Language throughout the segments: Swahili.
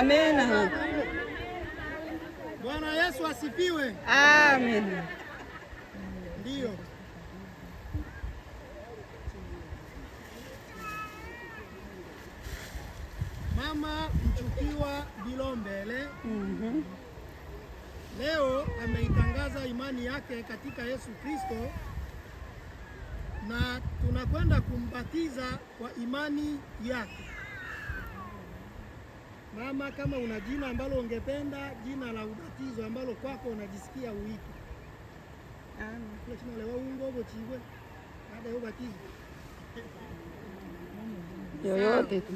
Amen. Bwana Yesu asifiwe. Amen. Ndio. Mama Mchukiwa Bilombele mm -hmm. Leo ameitangaza imani yake katika Yesu Kristo na tunakwenda kumbatiza kwa imani yake. Mama, kama una jina ambalo ungependa jina la ubatizo ambalo kwako unajisikia uite ulechinaulewawungovo chiwe baada ya ubatizo yoyote tu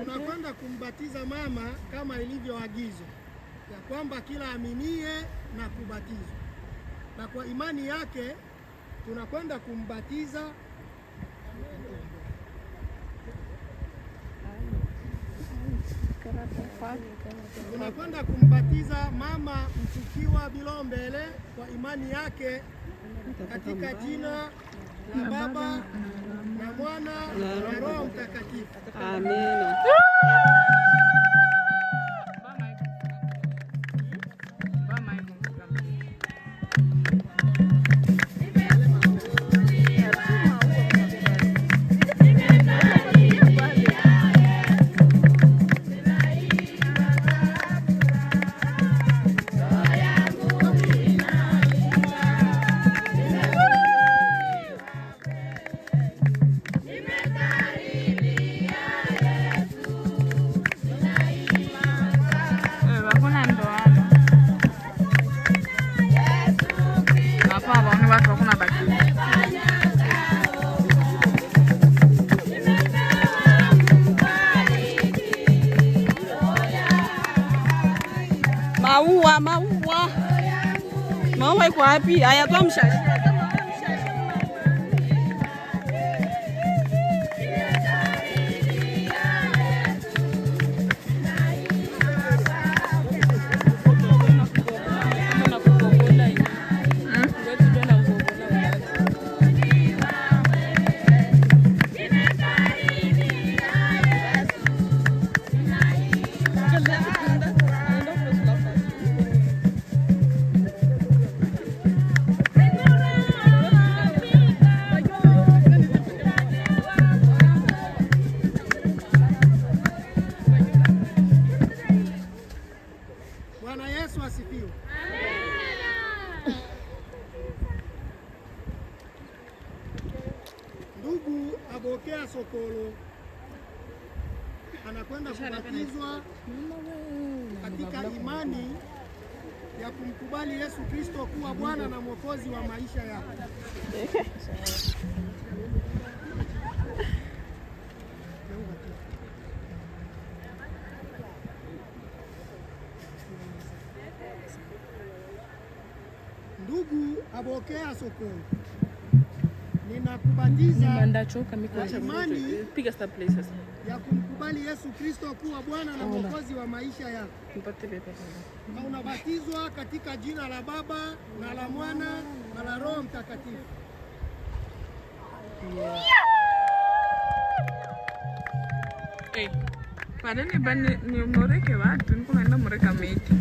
unakwenda kumbatiza mama kama ilivyoagizwa ya kwamba kila aminie na kubatizwa, na kwa imani yake tunakwenda kumbatiza tunakwenda kumbatiza mama Mchukiwa Bilombele kwa imani yake katika jina la Baba na Mwana na Roho Mtakatifu. Amina. watu hakuna baki. Maua, maua, maua iko wapi? Hayatoa mshale kukubali Yesu Kristo kuwa Bwana na Mwokozi wa maisha yako. Ndugu Abokea Sokoni, ninakubatiza imani ya kumkubali Yesu Kristo kuwa Bwana na Mwokozi wa maisha yako. Na unabatizwa katika jina la Baba na la Mwana na la Roho Mtakatifu. Yeah. Hey, panene bane ni mureke watu niko naenda mureka miti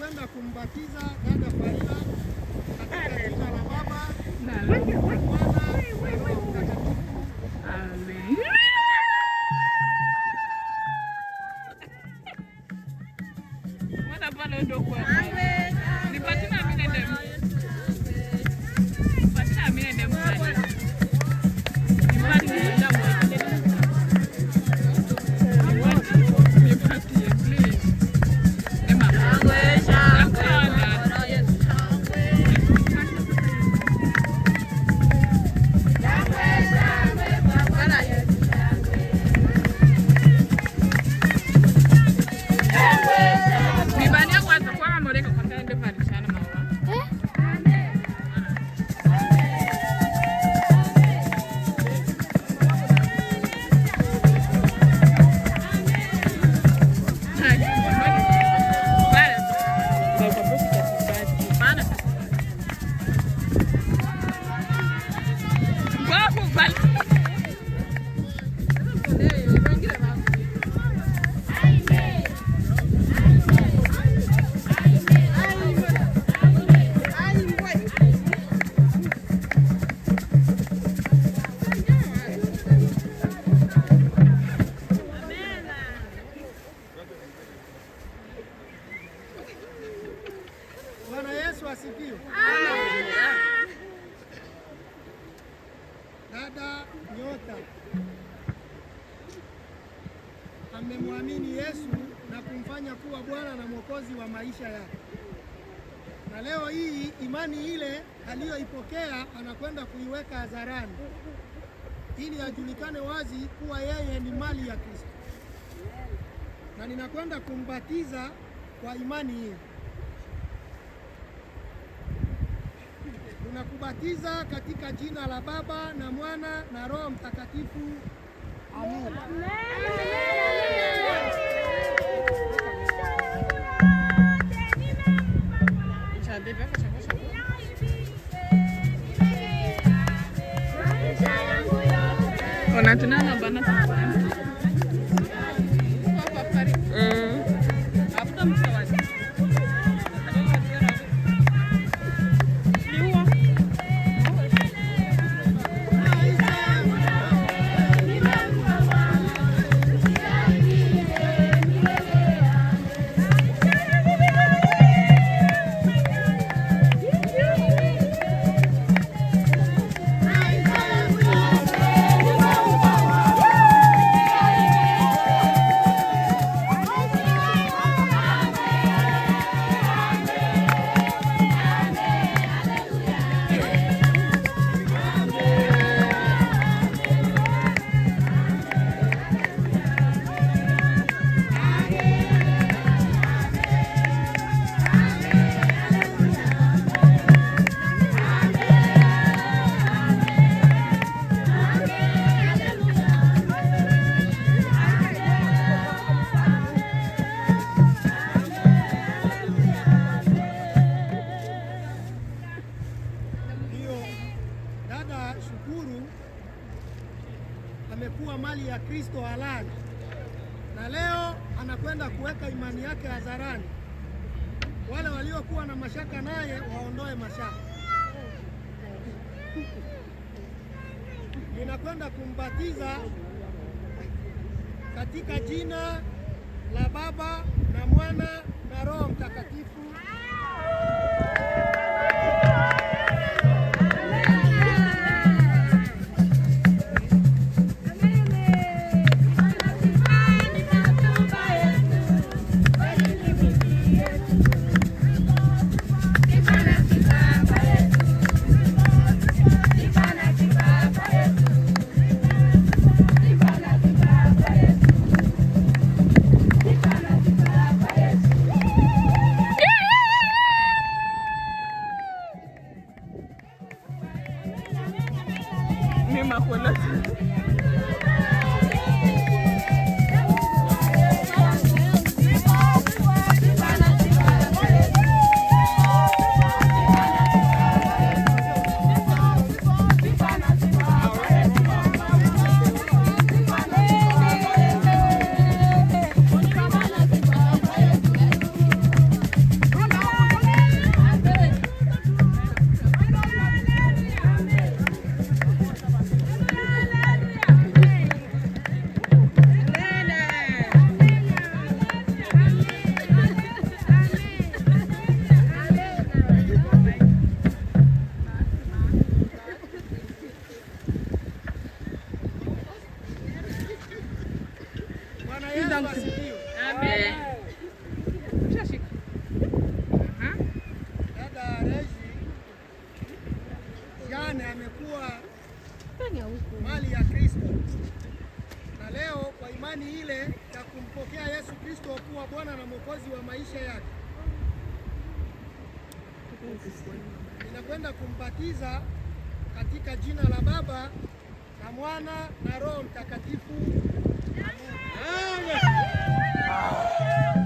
kwenda kumbatiza dada Farida katika jina la Baba na la Mwana na Roho Mtakatifu. Amen. dada Nyota amemwamini Yesu na kumfanya kuwa Bwana na Mwokozi wa maisha yake, na leo hii imani ile aliyoipokea anakwenda kuiweka hadharani ili ajulikane wazi kuwa yeye ni mali ya Kristo, na ninakwenda kumbatiza kwa imani hii. tunakubatiza katika jina la Baba na Mwana na Roho Mtakatifu. Amen. Amen. Uhuru amekuwa mali ya Kristo halali, na leo anakwenda kuweka imani yake hadharani. Wale waliokuwa na mashaka naye waondoe mashaka. Ninakwenda kumbatiza katika jina la Baba na Mwana na Roho Mtakatifu. ile ya kumpokea Yesu Kristo kuwa Bwana na Mwokozi wa maisha yake, inakwenda kumbatiza katika jina la Baba na Mwana na Roho Mtakatifu. Amen.